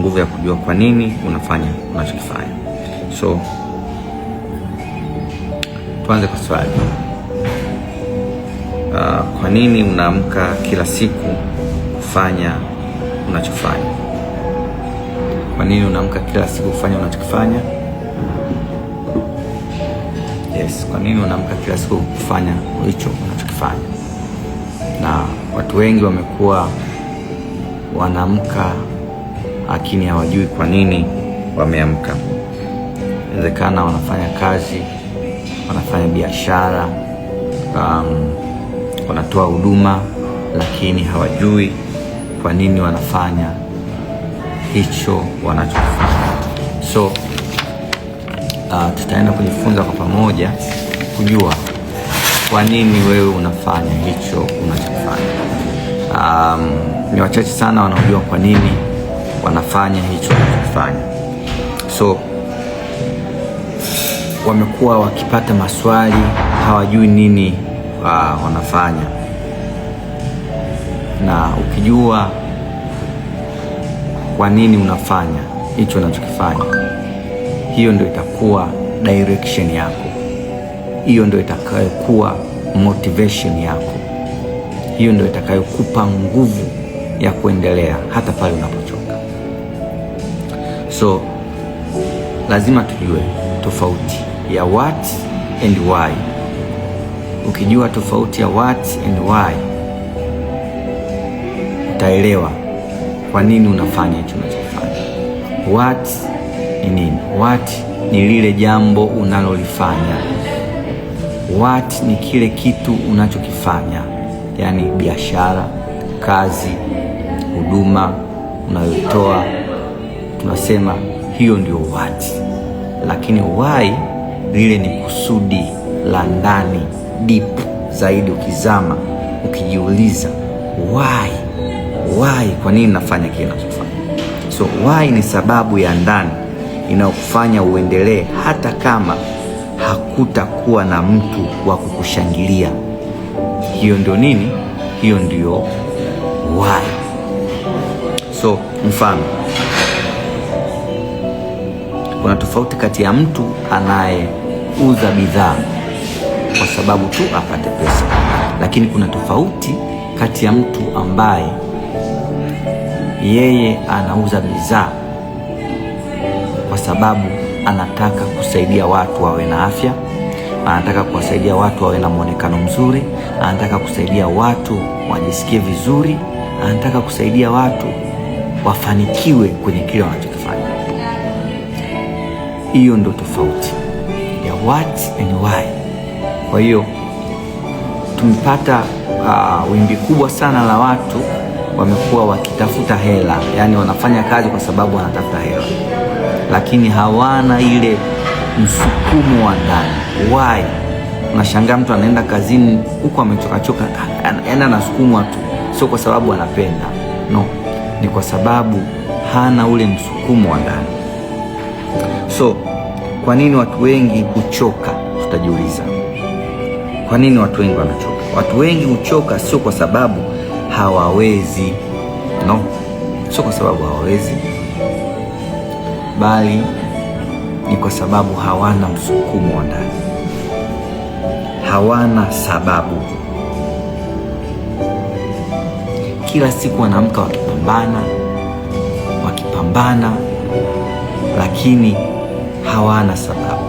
nguvu ya kujua kwa nini unafanya unachokifanya. So tuanze kwa swali. Uh, kwa nini unaamka kila siku kufanya unachofanya? Kwa nini unaamka kila siku kufanya unachokifanya? Yes, kwa nini unaamka kila siku kufanya hicho unachokifanya? Na watu wengi wamekuwa wanaamka lakini hawajui kwa nini wameamka. Inawezekana wanafanya kazi, wanafanya biashara, um, wanatoa huduma, lakini hawajui kwa nini wanafanya hicho wanachofanya. So uh, tutaenda kujifunza kwa pamoja kujua kwa nini wewe unafanya hicho unachofanya. Um, ni wachache sana wanaojua kwa nini wanafanya hicho wanachofanya. So wamekuwa wakipata maswali, hawajui nini uh, wanafanya, na ukijua kwa nini unafanya hicho unachokifanya, hiyo ndio itakuwa direction yako, hiyo ndio itakayokuwa motivation yako, hiyo ndio itakayokupa nguvu ya kuendelea hata pale unapo So lazima tujue tofauti ya what and why. Ukijua tofauti ya what and why, utaelewa kwa nini unafanya hicho unachofanya. What ni nini? What ni lile jambo unalolifanya. What ni kile kitu unachokifanya, yaani biashara, kazi, huduma unayotoa tunasema hiyo ndio what, lakini why lile ni kusudi la ndani deep zaidi. Ukizama ukijiuliza why, why, kwa nini nafanya kile nachofanya? So why ni sababu ya ndani inayokufanya uendelee hata kama hakutakuwa na mtu wa kukushangilia. Hiyo ndio nini? Hiyo ndio why. So mfano kuna tofauti kati ya mtu anayeuza bidhaa kwa sababu tu apate pesa, lakini kuna tofauti kati ya mtu ambaye yeye anauza bidhaa kwa sababu anataka kusaidia watu wawe na afya, anataka kuwasaidia watu wawe na mwonekano mzuri, anataka kusaidia watu wajisikie vizuri, anataka kusaidia watu wafanikiwe kwenye kile wanachotaka hiyo ndo tofauti ya what and why. Kwa hiyo tumepata uh, wimbi kubwa sana la watu wamekuwa wakitafuta hela, yaani wanafanya kazi kwa sababu wanatafuta hela, lakini hawana ile msukumo wa ndani why. Unashangaa mtu anaenda kazini huko amechokachoka, yaani anasukumwa tu, sio kwa sababu anapenda, no, ni kwa sababu hana ule msukumo wa ndani. So kwa nini watu wengi huchoka? Tutajiuliza, kwa nini watu wengi wanachoka? Watu wengi huchoka sio kwa sababu hawawezi, no, sio kwa sababu hawawezi, bali ni kwa sababu hawana msukumo wa ndani, hawana sababu. Kila siku wanaamka wakipambana, wakipambana, lakini hawana sababu.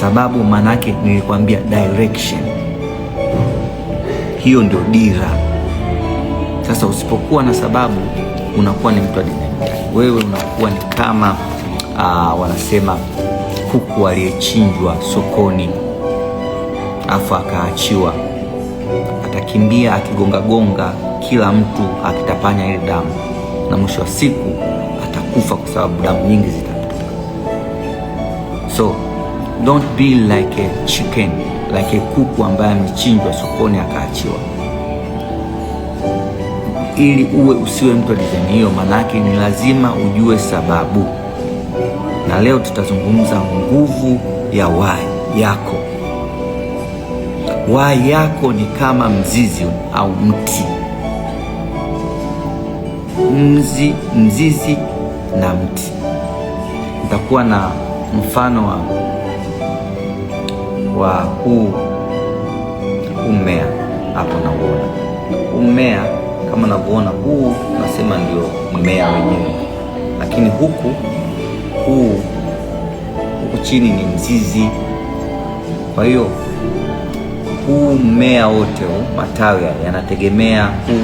Sababu maanake nilikwambia direction, hiyo ndio dira. Sasa usipokuwa na sababu unakuwa ni mtu adinamia, wewe unakuwa ni kama aa, ah, wanasema kuku aliyechinjwa sokoni afu akaachiwa, atakimbia akigongagonga kila mtu akitapanya ile damu, na mwisho wa siku atakufa kwa sababu damu nyingi So don't be like a chicken, like a kuku ambaye amechinjwa sokoni akaachiwa. Ili uwe usiwe mtu wa dizaini hiyo, manake ni lazima ujue sababu, na leo tutazungumza nguvu ya why yako. Why yako ni kama mzizi au mti mzi, mzizi na mti. Nitakuwa na mfano wa, wa huu mmea hapo nauona. Huu mmea kama navyoona, huu nasema ndio mmea wenyewe, lakini huku huu huku chini ni mzizi. Kwa hiyo huu mmea wote huu ya yanategemea huu,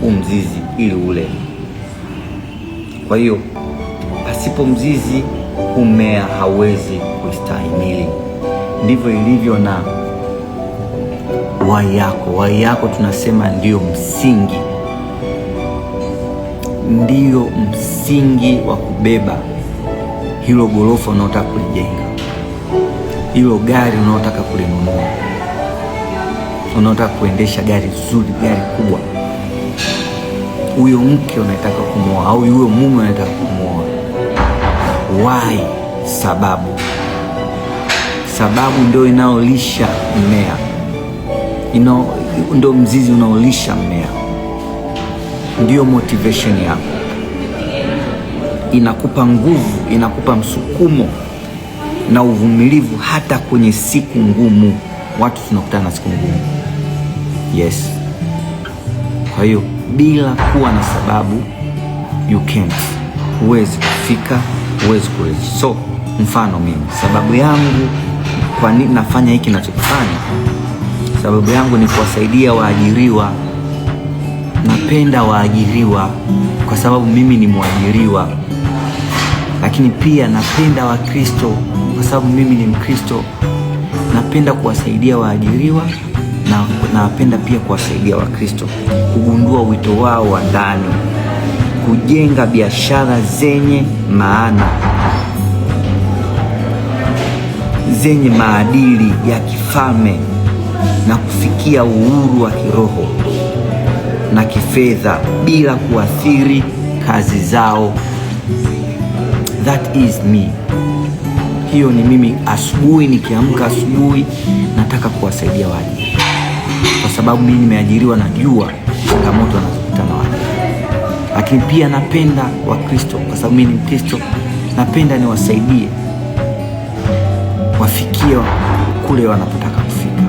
huu mzizi ili ule. Kwa hiyo pasipo mzizi umea hawezi kustahimili Ndivyo ilivyo na wai yako. Wai yako tunasema ndiyo msingi, ndiyo msingi wa kubeba hilo ghorofa unaotaka kulijenga, hilo gari unaotaka kulinunua, unaotaka kuendesha gari zuri, gari kubwa, huyo mke unataka kumwoa au yuyo mume unataka kumwoa why, sababu. Sababu ndio inaolisha mmea, ndio mzizi unaolisha mmea, ndio motivation yako, inakupa nguvu, inakupa msukumo na uvumilivu, hata kwenye siku ngumu. Watu tunakutana na siku ngumu, yes. Kwa hiyo bila kuwa na sababu you can't, huwezi kufika huwezi kuishi. So mfano mimi, sababu yangu kwa nini nafanya hiki nachokifanya, sababu yangu ni kuwasaidia waajiriwa. Napenda waajiriwa kwa sababu mimi ni mwajiriwa, lakini pia napenda Wakristo kwa sababu mimi ni Mkristo. Napenda kuwasaidia waajiriwa na napenda pia kuwasaidia Wakristo kugundua wito wao wa ndani kujenga biashara zenye maana, zenye maadili ya kifalme na kufikia uhuru wa kiroho na kifedha bila kuathiri kazi zao. That is me. Hiyo ni mimi. Asubuhi nikiamka asubuhi, nataka kuwasaidia waje, kwa sababu mimi nimeajiriwa, na jua changamoto na lakini pia napenda Wakristo kwa sababu mimi ni Mkristo, napenda niwasaidie wafikie kule wanapotaka kufika.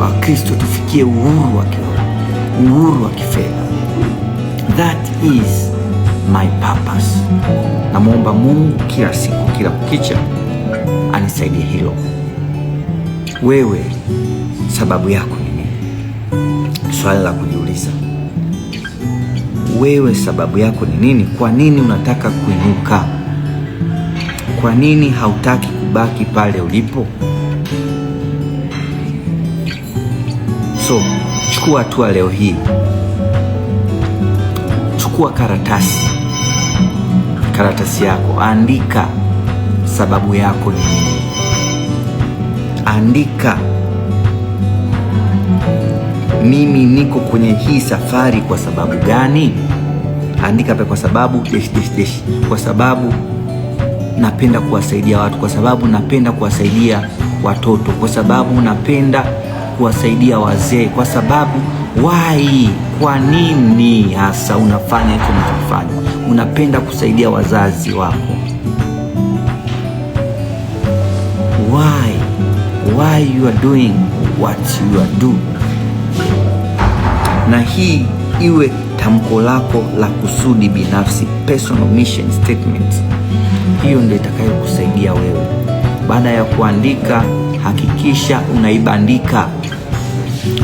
Wakristo tufikie uhuru wa kiroho, uhuru wa kifedha. That is my purpose. Namwomba Mungu kila siku, kila kukicha, anisaidie hilo. Wewe sababu yako ni nini? Swali la kujiuliza wewe sababu yako ni nini? Kwa nini unataka kuinuka? Kwa nini hautaki kubaki pale ulipo? So chukua hatua leo hii, chukua karatasi, karatasi yako, andika sababu yako ni nini, andika mimi niko kwenye hii safari kwa sababu gani? Andika pe kwa sababu desh, desh, desh. Kwa sababu napenda kuwasaidia watu, kwa sababu napenda kuwasaidia watoto, kwa sababu napenda kuwasaidia wazee, kwa sababu wai. Kwa nini hasa unafanya hicho unachofanya? Unapenda kusaidia wazazi wako, why why you are doing what you are doing na hii iwe tamko lako la kusudi binafsi, personal mission statement. Hiyo ndio itakayokusaidia wewe. Baada ya kuandika, hakikisha unaibandika,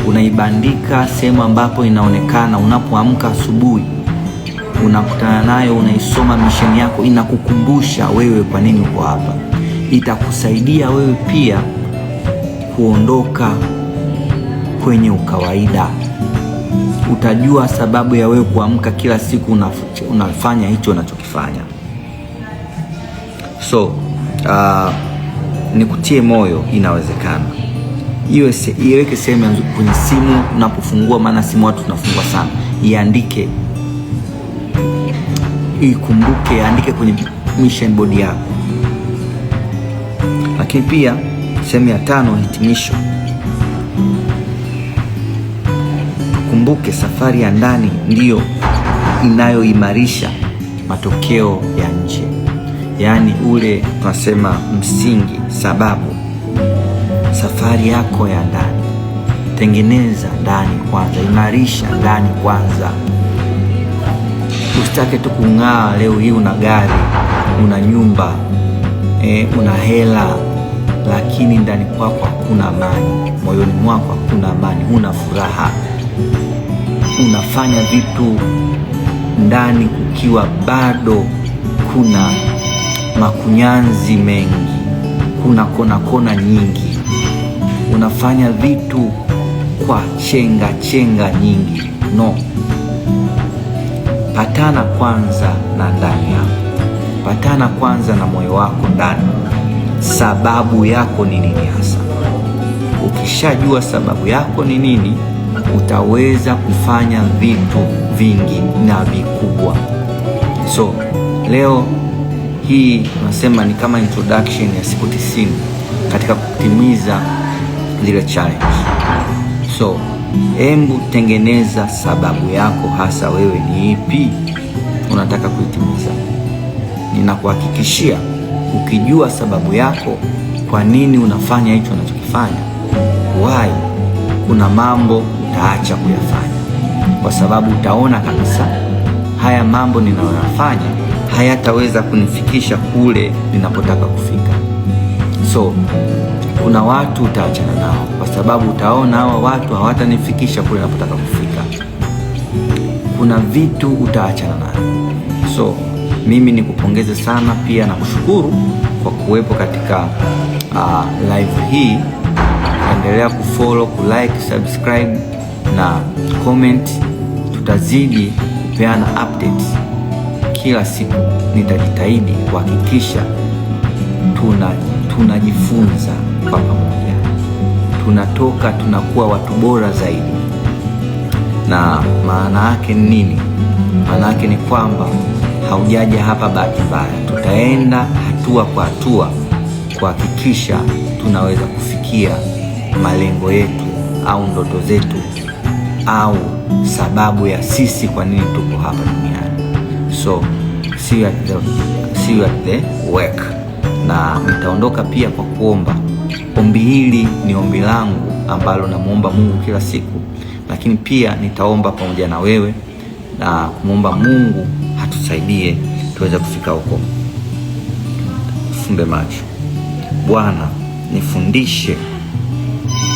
unaibandika sehemu ambapo inaonekana. Unapoamka asubuhi, unakutana nayo, unaisoma misheni yako, inakukumbusha wewe kwa nini uko hapa. Itakusaidia wewe pia kuondoka kwenye ukawaida utajua sababu ya wewe kuamka kila siku unafanya hicho unachokifanya. So uh, nikutie moyo, inawezekana. Iwe se, iweke sehemu ya kwenye simu unapofungua, maana simu watu tunafungua sana. Iandike, ikumbuke, iandike kwenye mission board yako. Lakini pia sehemu ya tano, hitimisho ukumbuke safari ya ndani ndiyo inayoimarisha matokeo ya nje, yaani ule tunasema msingi, sababu. Safari yako ya ndani, tengeneza ndani kwanza, imarisha ndani kwanza. Usitake tu kung'aa leo hii, una gari, una nyumba eh, una hela, lakini ndani kwako hakuna amani, moyoni mwako hakuna amani, huna furaha unafanya vitu ndani kukiwa bado kuna makunyanzi mengi, kuna kona kona nyingi, unafanya vitu kwa chenga chenga nyingi. No, patana kwanza na ndani yako, patana kwanza na moyo wako ndani. Sababu yako ni nini hasa? Ukishajua sababu yako ni nini utaweza kufanya vitu vingi na vikubwa. So leo hii unasema ni kama introduction ya siku tisini katika kutimiza zile challenge. So embu tengeneza sababu yako, hasa wewe ni ipi unataka kuitimiza. Ninakuhakikishia ukijua sababu yako, kwa nini unafanya hicho unachokifanya, why kuna mambo utaacha kuyafanya, kwa sababu utaona kabisa haya mambo ninayoyafanya hayataweza kunifikisha kule ninapotaka kufika. So kuna watu utaachana nao, kwa sababu utaona hawa watu hawatanifikisha kule ninapotaka kufika. Kuna vitu utaachana nao. So mimi nikupongeze sana pia na kushukuru kwa kuwepo katika uh, live hii. Endelea kufollow, kulike, subscribe na comment. Tutazidi kupeana update kila siku, nitajitahidi kuhakikisha tuna tunajifunza kwa pamoja, tunatoka tunakuwa watu bora zaidi. Na maana yake ni nini? Maana yake ni kwamba haujaja hapa bahati mbaya, tutaenda hatua kwa hatua kuhakikisha tunaweza kufikia malengo yetu au ndoto zetu au sababu ya sisi kwa nini tuko hapa duniani. So see you at the, see you at the work, na nitaondoka pia kwa kuomba. Ombi hili ni ombi langu ambalo namwomba Mungu kila siku, lakini pia nitaomba pamoja na wewe na kumwomba Mungu hatusaidie tuweze kufika huko. Fumbe macho. Bwana, nifundishe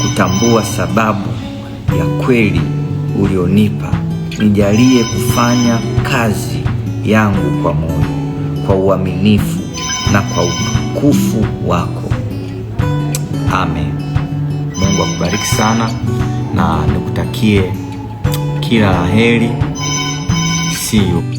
kutambua sababu ya kweli ulionipa, nijalie kufanya kazi yangu kwa moyo, kwa uaminifu na kwa utukufu wako. Amen. Mungu akubariki sana na nikutakie kila la heri. See you.